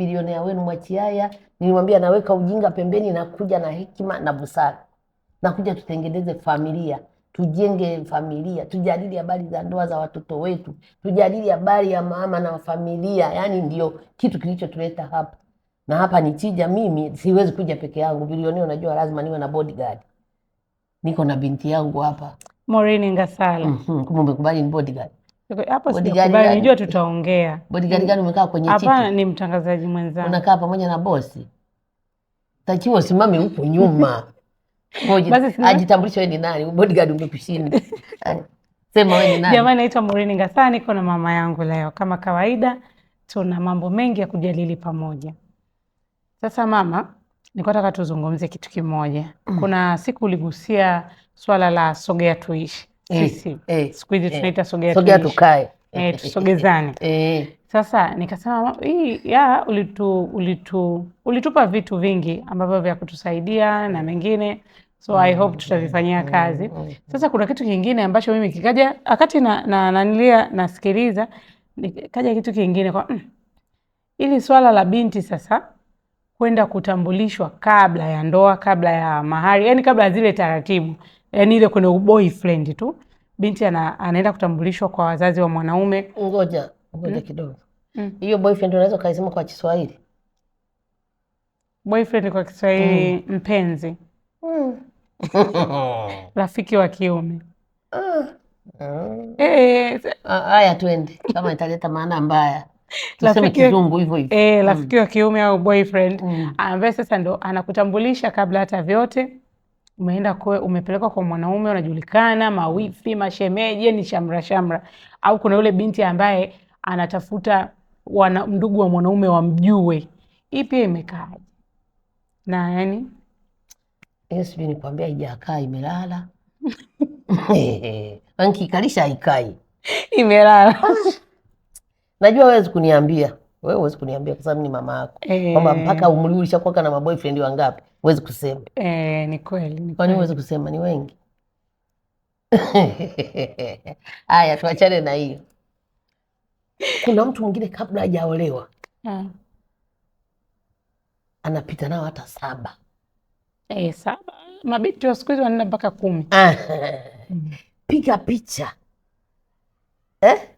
bilionea wenu Mwachiaya, nilimwambia naweka ujinga pembeni, nakuja na hekima na busara, nakuja tutengeneze familia, tujenge familia, tujadili habari za ndoa za watoto wetu, tujadili habari ya mama na familia. Yani ndio kitu kilichotuleta hapa, na hapa ni tija. Mimi siwezi kuja peke yangu, bilionea, unajua lazima niwe na bodyguard. Niko na binti yangu hapa Maureen Ngasala. Mm -hmm. Kumbe umekubali ni bodyguard hapa sijakubali, najua tutaongea. Bodyguard gani umekaa kwenye kiti? Hapana, ni mtangazaji mwenzangu. Unakaa pamoja na bosi? Takiwa usimame huko nyuma. Ajitambulishe wewe ni nani? Bodyguard umekushinda. Sema wewe ni nani? Jamani, naitwa Murini Ngasani, niko na mama yangu leo. Kama kawaida tuna mambo mengi ya kujadili pamoja. Sasa mama, nilikuwa nataka tuzungumze kitu kimoja. Mm. Kuna siku uligusia swala la sogea tuishi siku hizi tunaita sogea, sogea tukae, eh, tusogezane. Sasa nikasema hii ya ulitu, ulitu, ulitupa vitu vingi ambavyo vya kutusaidia na mengine so I hope tutavifanyia mm, kazi. Mm, mm. Sasa kuna kitu kingine ambacho mimi kikaja akati na, nanilia na, nanilia nasikiliza kaja kitu kingine kwa mm, ili swala la binti sasa kwenda kutambulishwa kabla ya ndoa, kabla ya mahari, yani kabla ya zile taratibu, yani ile kwenye boyfriend tu binti ana, anaenda kutambulishwa kwa wazazi wa mwanaume. Ngoja ngoja hmm? kidogo hmm. hiyo mm. boyfriend unaweza ukaisema kwa Kiswahili boyfriend kwa Kiswahili mm. mpenzi mm. rafiki wa kiume uh. Uh. E, haya twende kama italeta maana mbaya rafiki e, mm. wa kiume au boyfriend mm. ambaye sasa ndo anakutambulisha kabla hata vyote mm umeenda kwa umepelekwa kwa mwanaume unajulikana, mawifi, mashemeje ni shamra shamra, au kuna yule binti ambaye anatafuta wana, ndugu wa mwanaume wamjue, hii pia imekaa na yani eh, sijui nikwambia, haijakaa imelala ankikalisha yaani haikai imelala. Najua wezi kuniambia wewe huwezi kuniambia kwa sababu ni mama yako e, kwamba mpaka umri ulishakuwa na maboyfriend wangapi, huwezi kusema e, ni kweli. Kwani huwezi kusema ni wengi? Haya, tuachane na hiyo. Kuna mtu mwingine kabla hajaolewa ah. anapita nao hata saba. E, saba mabinti wa siku hizi wanaenda mpaka kumi. Piga picha eh?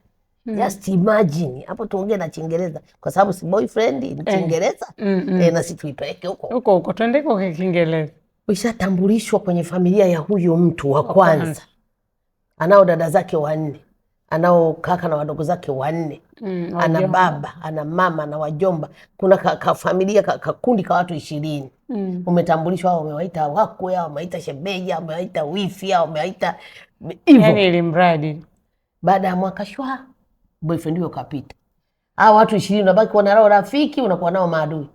Mm. Just imagine hapo tuongee na Kiingereza kwa sababu si boyfriend ni eh. Kiingereza eh. mm -mm. Eh, na si tuipeke huko huko huko, twende kwa Kiingereza. Ushatambulishwa kwenye familia ya huyo mtu wa kwanza, anao dada zake wanne, anao kaka na wadogo zake wanne mm, ana baba ana mama na wajomba, kuna kafamilia ka familia kakundi ka watu ishirini mm. Umetambulishwa, hao umewaita wakwe, hao umewaita shemeji, umewaita wifi, hao umewaita yaani hivyo, yani ilimradi baada ya mwaka shwa boyfriend huyo kapita. Hao watu ishirini unabaki kuwa nao rafiki, unakuwa nao maadui.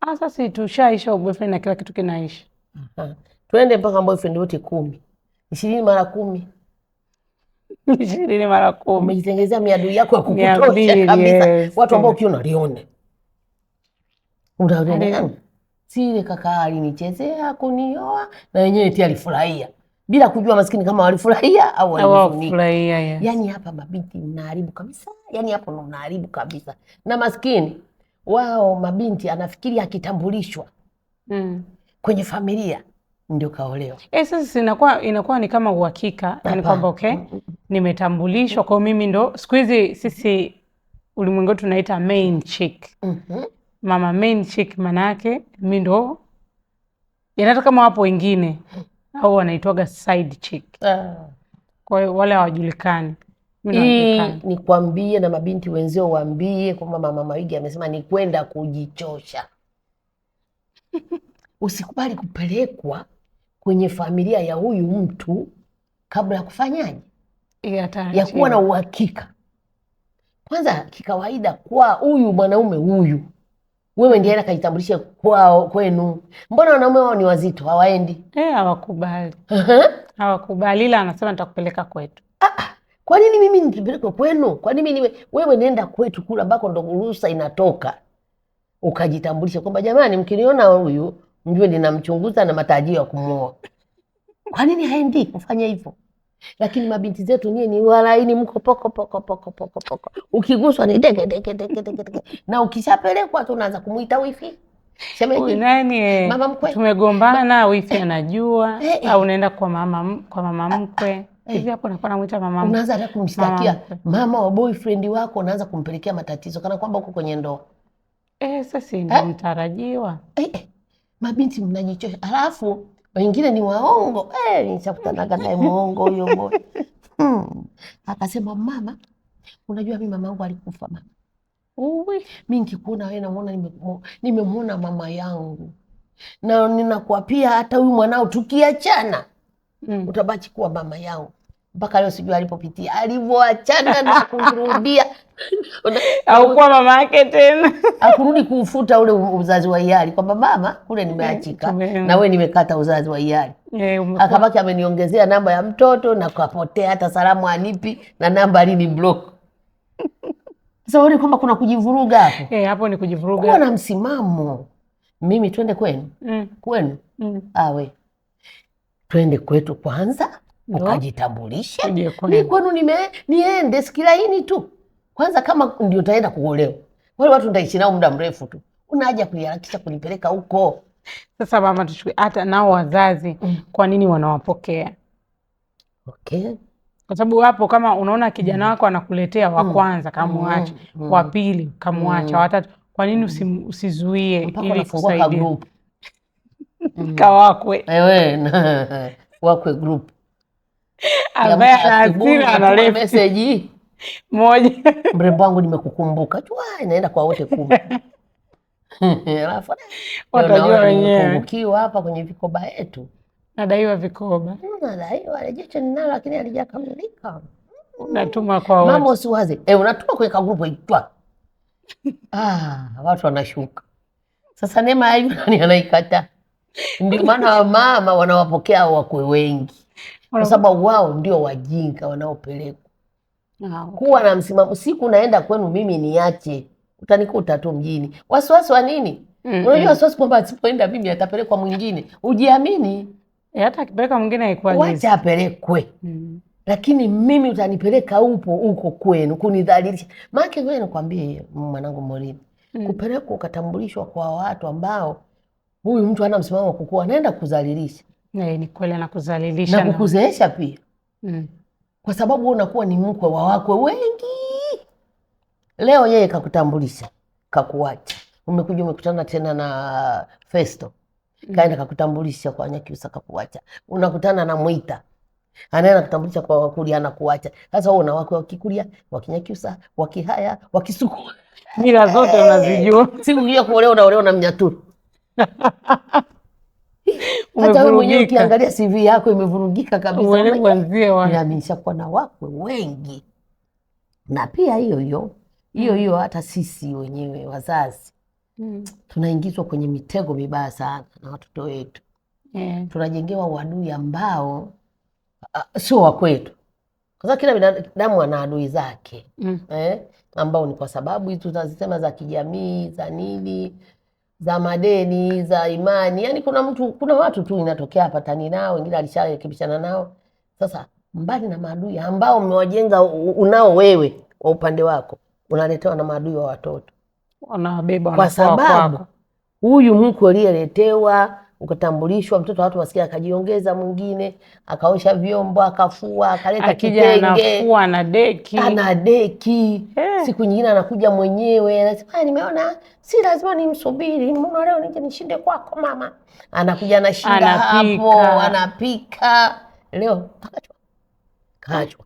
Ah, sasa si tushaisha boyfriend na kila kitu kinaisha. uh Twende mpaka boyfriend wote kumi, ishirini mara kumi ishirini mara kumi umejitengenezea miadui yako ya kukutosha kabisa. Yes. Watu ambao ukiona lione unaendelea si ile kaka alinichezea kunioa, na wenyewe pia alifurahia bila kujua maskini kama walifurahia au walifurahia. Yani hapa mabinti mnaharibu kabisa, yani hapo ndo mnaharibu kabisa. Na maskini wao mabinti anafikiri akitambulishwa mm. kwenye familia ndio kaolewa. Eh, sasa inakuwa inakuwa ni kama uhakika, yani kwamba okay, mm, mm, mm. nimetambulishwa kwao, mimi ndo siku hizi sisi ulimwengu wetu tunaita main chick. mm -hmm. Mama main chick, manake mi ndo yanataka kama wapo wengine au wanaitwaga side chick. Ah. Kwa hiyo wale hawajulikani. Hii nikwambie, na mabinti wenzio waambie kwamba Mama Maigi amesema ni kwenda kujichosha. Usikubali kupelekwa kwenye familia ya huyu mtu kabla ya kufanyaje, ya kuwa na uhakika kwanza. Kikawaida kwa huyu mwanaume huyu wewe ndiye akajitambulisha kwao kwenu. Mbona wanaume wao ni wazito hawaendi? Eh, hawakubali hawakubali, ila anasema nitakupeleka kwetu. Ah, ah. kwa nini mimi nipelekwe kwenu? Kwa nini niwe wewe? Nenda kwetu kule ambako ndo ruhusa inatoka, ukajitambulisha kwamba jamani, mkiniona huyu mjue ninamchunguza na matarajio ya kumwoa. Kwa nini haendi kufanya hivyo? lakini mabinti zetu nyie ni walaini, mko poko poko poko poko poko, ukiguswa ni dege dege dege dege dege, na ukishapelekwa tu unaanza kumuita wifi nani, mama mkwe, tumegombana, wifi anajua eh, eh, au unaenda kwa mama kwa mama ah, mkwe eh. hivi hapo unakuwa unamwita mama, unaanza hata kumshtakia mama wa boyfriend wako, unaanza kumpelekea matatizo kana kwamba uko kwenye ndoa eh. Sasa eh? ndio mtarajiwa eh, eh, mabinti mnajichosha, alafu wengine ni waongo eh, nishakutanaga mm. naye mwongo huyo moja hmm. Akasema mama, unajua mi mama yangu alikufa mama. Uwe, mi nkikuona wewe namuona nimemwona mama yangu, na ninakuapia hata huyu mwanao tukiachana, mm. utabaki kuwa mama yangu mpaka leo sijui alipopitia alivyoachana na kurudia aukuwa mama yake tena akurudi kufuta ule uzazi wa hiari kwamba mama kule nimeachika mm, na we nimekata uzazi wa hiari eh, akabaki ameniongezea namba ya mtoto na kapotea hata salamu anipi na namba alini block sauri kwamba kuna kujivuruga hapo hey, eh, hapo ni kujivuruga kuwa na msimamo mimi twende kwenu mm. kwenu mm. awe twende kwetu kwanza ukajitambulishe mi kwenu niende sikilaini tu kwanza, kama ndio taenda kuolewa, wale watu ndaishi nao muda mrefu tu, unaja kuiharakisha kunipeleka huko. Sasa mama, tuchukue hata nao wazazi mm. Kwa nini wanawapokea? Okay, kwa sababu wapo, kama unaona kijana mm. wako anakuletea wa mm. kwanza kamwacha, mm. mm. wa pili kamwacha, mm. watatu, kwa nini usizuie ili kusaidia? Kawakwe wewe wakwe group ambaye ana hasira moja, mrembo wangu nimekukumbuka, tu inaenda kwa wote kumbe. Alafu eh, watajua wenyewe ukiwa hapa kwenye vikoba yetu, nadaiwa vikoba, hmm, nadaiwa rejection ninalo, lakini halijakamilika. Hmm. Natuma kwa wote, mama usiwaze. Eh, unatuma kwenye kagrupu itwa ah, watu wanashuka sasa. Neema hivi nani anaikataa? Ndio maana wamama wanawapokea wakwe wengi kwa sababu wao ndio wajinga wanaopelekwa ah, kuwa na msimamo. Siku naenda kwenu mimi niache, utanikuta tu mjini. Wasiwasi wa nini? mm -hmm. wasiwasi kwamba asipoenda mimi atapelekwa mwingine. Ujiamini, eh, hata akipeleka mwingine haikuwa wacha apelekwe mm -hmm. Lakini mimi utanipeleka upo huko kwenu kunidhalilisha. Maana wewe nikwambie, mwanangu Morini. mm. kupelekwa ukatambulishwa kwa watu ambao huyu mtu hana msimamo wa kukua, anaenda kudhalilisha. Yeah, ni kweli na kuzalilisha na kukuzeesha pia mm. Kwa sababu unakuwa ni mkwe wa wakwe wengi. Leo yeye kakutambulisha, kakuacha, umekuja umekutana tena na Festo mm. kaenda kakutambulisha kwa Nyakyusa kakuacha, unakutana na Mwita anaye kutambulisha kwa Wakuria anakuacha. Sasa wewe una wakwe wa Kikuria, wa mila zote eh, unazijua. Siku hiyo kuolewa unaolewa na Mnyaturu hata wewe mwenyewe ukiangalia CV yako imevurugika kabisa, nimeshakuwa na wakwe wengi. Na pia hiyo hiyo hiyo mm. hiyo, hata sisi wenyewe wazazi mm. tunaingizwa kwenye mitego mibaya sana na watoto wetu yeah. tunajengewa uadui ambao sio wa kwetu, kwa sababu kila binadamu ana adui zake mm. eh, ambao ni kwa sababu hizo tunazisema za kijamii za nini za madeni za imani, yani kuna mtu, kuna watu tu inatokea hapatani nao, wengine alisharekebishana nao. Sasa mbali na maadui ambao mmewajenga unao wewe wa upande wako, unaletewa na maadui wa watoto, wanabeba, kwa sababu huyu mku aliyeletewa ukatambulishwa mtoto watu maskini, akajiongeza mwingine, akaosha vyombo, akafua, akaleta kitenge, anafua na deki, ana deki eh. Siku nyingine anakuja mwenyewe, anasema ah, nimeona si lazima nimsubiri, mbona leo nije nishinde kwako mama. Anakuja anashinda hapo, anapika. Leo akachwa kachwa,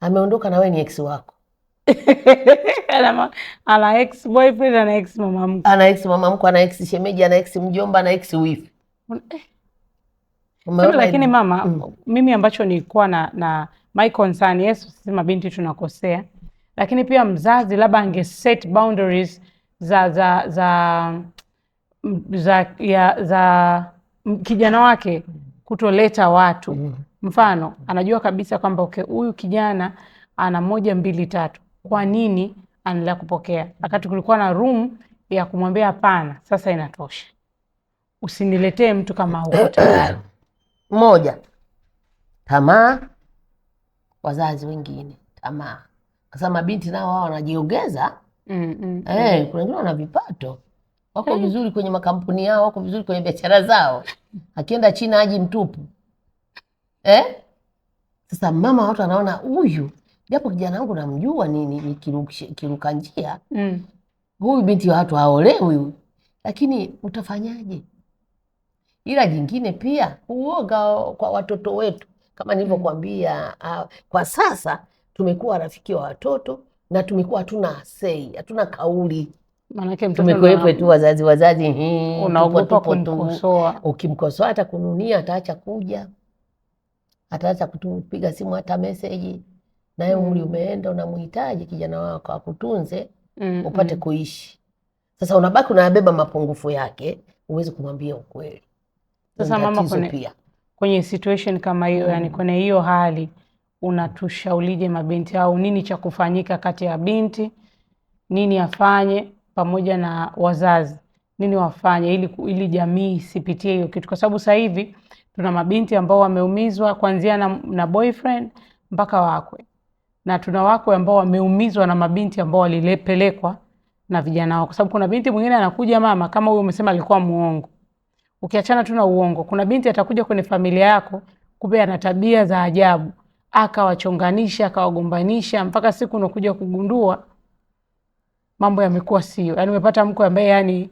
ameondoka na wewe ni ex wako ana ex boyfriend, ana ex mama mkwe, ana ex mama mkwe, ana ex shemeji, ana ex mjomba, ana ex eh. Lakini mama mm, mimi ambacho nilikuwa na, na my concern, Yesu sema binti tunakosea, lakini pia mzazi labda ange set boundaries za za za za, ya, za kijana wake kutoleta watu, mm. mfano anajua kabisa kwamba okay, huyu kijana ana moja mbili tatu kwa nini anaendelea kupokea, wakati kulikuwa na room ya kumwambia hapana, sasa inatosha, usiniletee mtu kama huko tayari. Moja, tamaa. Wazazi wengine tamaa, sasa mabinti nao wao wanajiongeza. mm, mm, hey, mm. Kuna wengine wana vipato wako hey, eh. vizuri kwenye makampuni yao, wako vizuri kwenye biashara zao, akienda China aji mtupu eh? Sasa mama watu anaona huyu japo kijana wangu namjua ni, ni, ni kiruka njia mm. Huyu binti watu haolewi, lakini utafanyaje? Ila jingine pia uoga kwa watoto wetu, kama nilivyokuambia, uh, kwa sasa tumekuwa rafiki wa watoto na tumekuwa hatuna sei, hatuna kauli Manake tumekuwepo tu wazazi wazazi, eh, unaogopa kumkosoa. Ukimkosoa ataacha kuja, ataacha kutupiga simu, hata meseji naye umri mm. umeenda, unamhitaji kijana wako akutunze mm, upate kuishi. Sasa unabaki unayabeba mapungufu yake, huwezi kumwambia ukweli. Sasa mama, kwenye, kwenye situation kama hiyo mm. yani kwenye hiyo hali unatushaulije mabinti au nini cha kufanyika kati ya binti, nini afanye pamoja na wazazi, nini wafanye ili, ili jamii isipitie hiyo kitu, kwa sababu sasa hivi tuna mabinti ambao wameumizwa kuanzia na, na boyfriend mpaka wakwe na tuna wakwe ambao wameumizwa na mabinti ambao walipelekwa na vijana wao, kwa sababu kuna binti mwingine anakuja mama, kama huyo umesema alikuwa muongo. Ukiachana tu na uongo, kuna binti atakuja kwenye familia yako, kumbe ana tabia za ajabu, akawachonganisha akawagombanisha, mpaka siku unakuja kugundua mambo yamekuwa sio, Yani umepata mkwe ambaye yani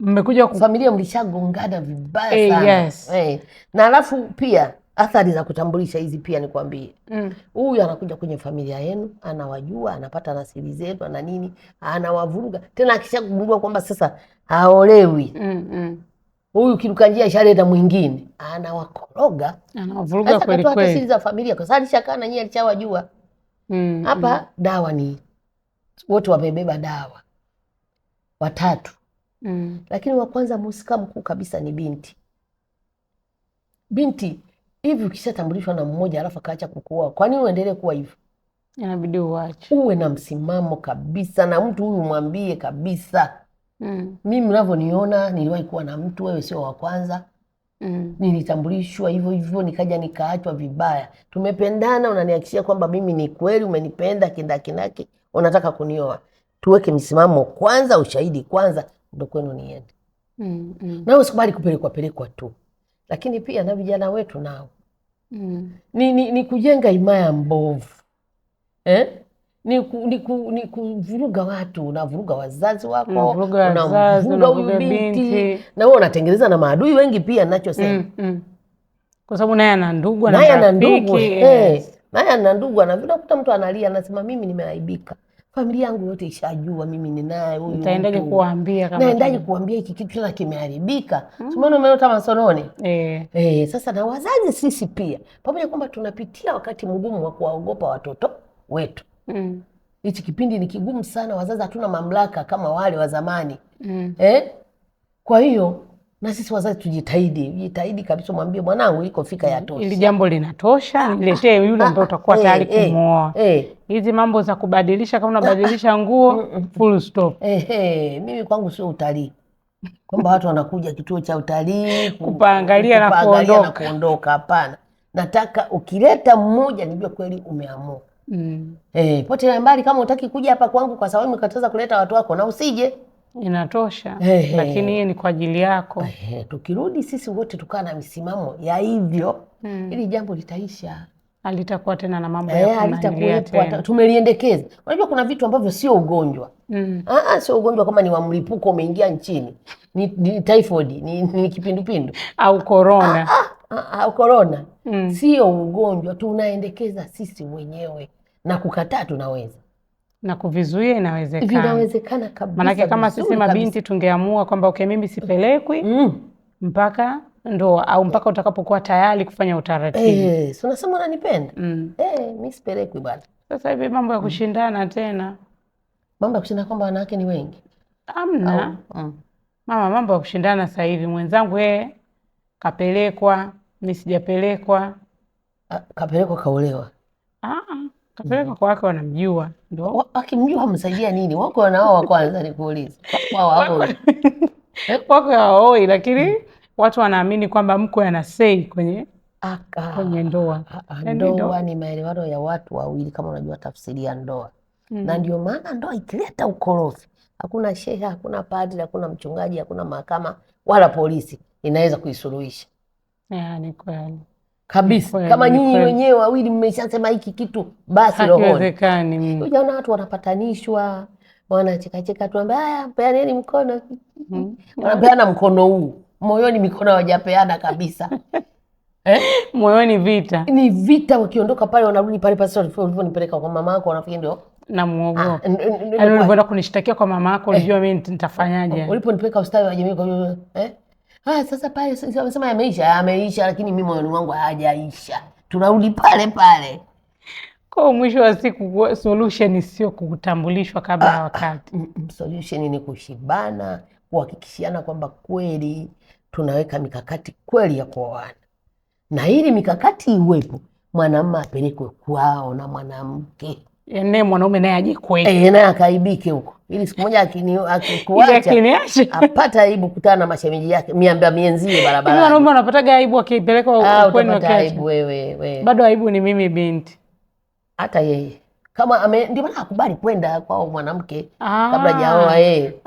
mmekuja familia mlishagongana vibaya eh, sana. Hey, yes. Hey. Eh. Na alafu pia athari za kutambulisha hizi pia nikwambie, mm. huyu mm. anakuja kwenye familia yenu, anawajua, anapata nasiri zenu, ana nini, anawavuruga tena. Akishagundua kwamba sasa haolewi huyu mm -mm. kiruka njia ishaleta mwingine, anawakoroga, anawavuruga kweli kweli siri za familia, kwa sababu alishakaa na alishawajua mm, hapa mm -mm. dawa ni wote wamebeba dawa watatu mm. lakini wa kwanza mhusika mkuu kabisa ni binti binti hivi ukishatambulishwa na mmoja alafu akaacha kukuoa, kwa nini uendelee kuwa hivyo? Inabidi uache, uwe na msimamo kabisa, na mtu huyu mwambie kabisa mm. Mimi navyoniona, niliwahi kuwa na mtu, wewe sio wa kwanza mm. Nilitambulishwa hivyo hivyo, nikaja nikaachwa vibaya. Tumependana, unanihakikishia kwamba mimi ni kweli umenipenda kindakinaki, unataka kunioa. Tuweke msimamo kwanza, ushahidi kwanza, ndo kwenu niende mm, mm. Nawe usikubali kupelekwapelekwa tu, lakini pia na vijana wetu nao Mm. ni, ni, ni kujenga imaya mbovu eh? ni, ku, ni, ku, ni kuvuruga watu, unavuruga wazazi wako, unavuruga huyu binti, na huo unatengeneza na maadui wengi pia, nachosema mm, mm. kwa sababu naye ana ndugu, naye ana ndugu, eh. naye ana ndugu, anakuta mtu analia, anasema mimi nimeaibika familia yangu yote ishajua mimi ni naye huyu. Utaendaje kuambia kama naendaje kuambia hiki kitu kila kimeharibika? Mm. Tumeona umeota masononi. Eh. Eh, sasa na wazazi sisi pia pamoja kwamba tunapitia wakati mgumu wa kuwaogopa watoto wetu. Mm. Hichi kipindi ni kigumu sana, wazazi hatuna mamlaka kama wale wa zamani. Mm. Eh? Kwa hiyo na sisi wazazi tujitahidi, jitahidi kabisa, mwambie mwanangu, ilikofika mm, tosha, ili jambo linatosha, ah, niletee ah, yule ambaye ah, utakuwa eh, tayari eh, kumwoa. Eh. Hizi mambo za kubadilisha, kama unabadilisha mm, nguo, mm, full stop. Mimi kwangu sio utalii kwamba watu wanakuja kituo cha utalii kupaangalia na kuondoka. Hapana, nataka ukileta mmoja nijue kweli umeamua. Mm. Eh, pote mbali kama utaki kuja hapa kwangu kwa sababu nimekataza kuleta watu wako, na usije inatosha ehe, lakini hii ni kwa ajili yako ehe. Tukirudi sisi wote tukawa na misimamo ya hivyo hmm. ili jambo litaisha, alitakuwa tena na mambo ya kunanilia. Tumeliendekeza. Unajua kuna vitu ambavyo sio ugonjwa hmm. Ah, ah, sio ugonjwa kama ni wa mlipuko umeingia nchini, ni, ni typhoid ni, ni kipindupindu au corona ah, ah, au corona hmm. sio ugonjwa, tunaendekeza sisi wenyewe na kukataa tunaweza na kuvizuia inawezekana, vinawezekana kabisa. Maanake kama sisi mabinti tungeamua kwamba okay, mimi sipelekwi mm. mpaka ndoa au mpaka utakapokuwa tayari kufanya utaratibu eh, si unasema unanipenda mm. eh, mimi sipelekwi bwana. Sasa hivi mambo ya kushindana mm. tena mambo ya kushindana kwamba wanawake ni wengi amna mm. Mama, mambo ya kushindana sasa hivi, mwenzangu yeye kapelekwa, mimi sijapelekwa. Ah, kapelekwa kaolewa. Ah, ah. Kapeleka mm-hmm. kwake, wanamjua ndio. Wakimjua wamsaidia nini? Wako wa kwanza, nikuulize wako hawaoi, lakini mm. watu wanaamini kwamba mkwe ana sei kwenye Aka, ah, ah, kwenye ah, yaani ndoa. Ndoa ni maelewano ya watu wawili, kama unajua tafsiri ya ndoa mm. Na ndio maana ndoa ikileta ukorofi, hakuna shehe, hakuna padri, hakuna mchungaji, hakuna mahakama wala polisi inaweza kuisuluhisha. Ni kweli kabisa. Kama nyinyi wenyewe wawili mmeshasema hiki kitu, basi rohoni ujaona watu wanapatanishwa, wanachekacheka, tuambia haya, peaneni mkono mm. wanapeana mkono huu, moyoni mikono hawajapeana kabisa Eh? Moyoni vita ni vita, wakiondoka pale wanarudi pale pale, pasi ulivyonipeleka kwa mama yako, wanafikiri ndio namuogopa. Ah, yaani Ulivyoenda kunishtakia kwa mama yako, eh. ulijua mimi nitafanyaje uliponipeleka ustawi wa jamii. Kwa hiyo eh Ah, sasa pale wamesema yameisha, yameisha, lakini mimi moyoni wangu hajaisha. Tunarudi pale pale. Kwa mwisho wa siku solution sio kutambulishwa kabla ya ah, wakati. Solution ni kushibana, kuhakikishiana kwamba kweli tunaweka mikakati kweli ya kuoana, na ili mikakati iwepo, mwanamume apelekwe kwao na mwanamke. Yaani naye mwanaume naye ajikweke, eh, naye akaaibike huko, ili siku moja akikuacha apata aibu kutana na mashemeji yake miamba mienzie yaani barabara. Wanaume wanapataga aibu akipelekwa ah, kwenu, aibu wewe, bado aibu ni mimi binti, hata yeye kama ame ndio maana akubali kwenda kwa mwanamke ah. kabla hajaoa yeye.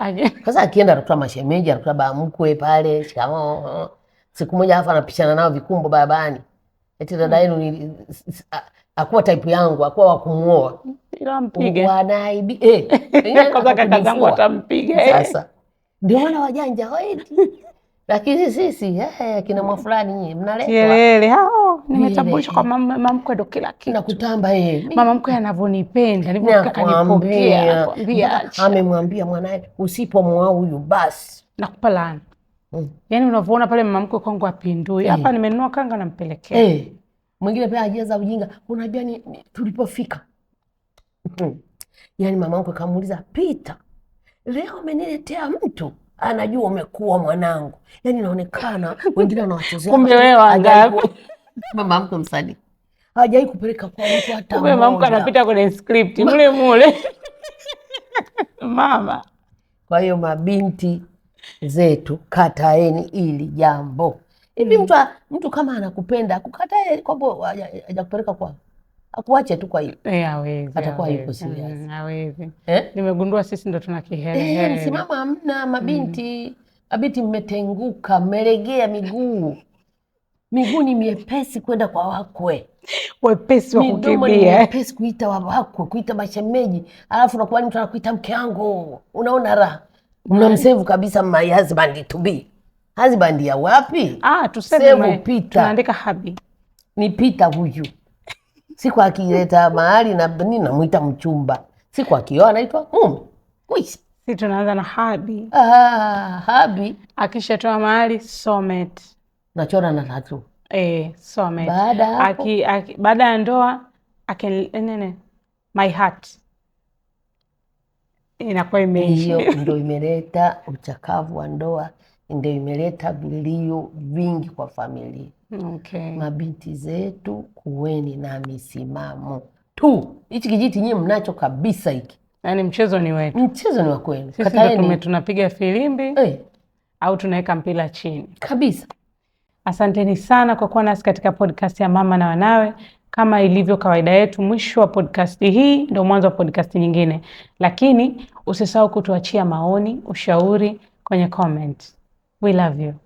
Sasa akienda anakuta mashemeji, anakuta bamkwe pale, shikamoo. Siku moja hapa anapishana nao vikumbo barabarani, eti dada hmm. yenu akuwa taipu yangu, akuwa wakumuoa ila mpige wanaibi eh, eh, kwanza kaka zangu atampiga sasa. Ndio maana wajanja waiti, lakini sisi eh, akina mwafulani nyinyi mnaletwa yelele hao. Nimetambulishwa kwa mama mkwe, ndo kila kitu nakutamba yeye. Mama mkwe anavyonipenda nilivyokaa, kanipokea kwambia, amemwambia mwanae, usipomwoa huyu basi nakupa laana. Mm. Yaani unavyoona pale mama mkwe kwangu apindui eh. hapa, nimenunua kanga nampelekea eh. Mwingine pia za ujinga, unajua ni, ni tulipofika yaani mama mamangu akamuuliza Pita, leo umeniletea mtu anajua umekuwa mwanangu, yaani inaonekana wengine wanawachezea, kumbe wewe wangapi? Mama mko msali hajai kupeleka kwa mtu hata mmoja. Mama anapita kwenye script mule mule mama. Kwa hiyo mabinti zetu, kataeni ili jambo hivi mm. mtu, mtu kama anakupenda kukatae kwamba hajakupeleka kwa akuache tu kwa hilo eh, atakuwa yuko hawezi. Mm, eh? Nimegundua sisi ndo tuna kihere eh, simama hamna mabinti mm. mabinti mmetenguka, mmelegea miguu, miguu ni miepesi kwenda kwa wakwe, wepesi wa kukimbia, wepesi kuita wakwe, kuita mashemeji, alafu nakuwa mtu anakuita mke wangu, unaona raha, mnamsevu kabisa, my husband to be kazi ya wapi? Ah, tuseme Pita. Tunaandika habi. Ni Pita huyu. Siku akileta mahali na nini namwita mchumba. Siku akioa anaitwa mume. Mwisho. Si tunaanza na habi. Ah, habi. Akishatoa mahali somet. Nachora na tatu. Eh, somet. Baada hapo. Aki, aki, baada ya ndoa aken eh, nene my heart inakuwa imeisha. Hiyo ndio imeleta uchakavu wa ndoa ndio imeleta vilio vingi kwa familia. Okay. Mabinti zetu kuweni na misimamo tu. Hichi kijiti nyie mnacho kabisa hiki. Yaani mchezo ni wetu. Mchezo ni wa kwenu. Sisi tunapiga filimbi hey, eh. au tunaweka mpira chini kabisa. Asanteni sana kwa kuwa nasi katika podcast ya Mama na Wanawe. Kama ilivyo kawaida yetu, mwisho wa podcast hii ndio mwanzo wa podcast nyingine, lakini usisahau kutuachia maoni, ushauri kwenye comment. We love you.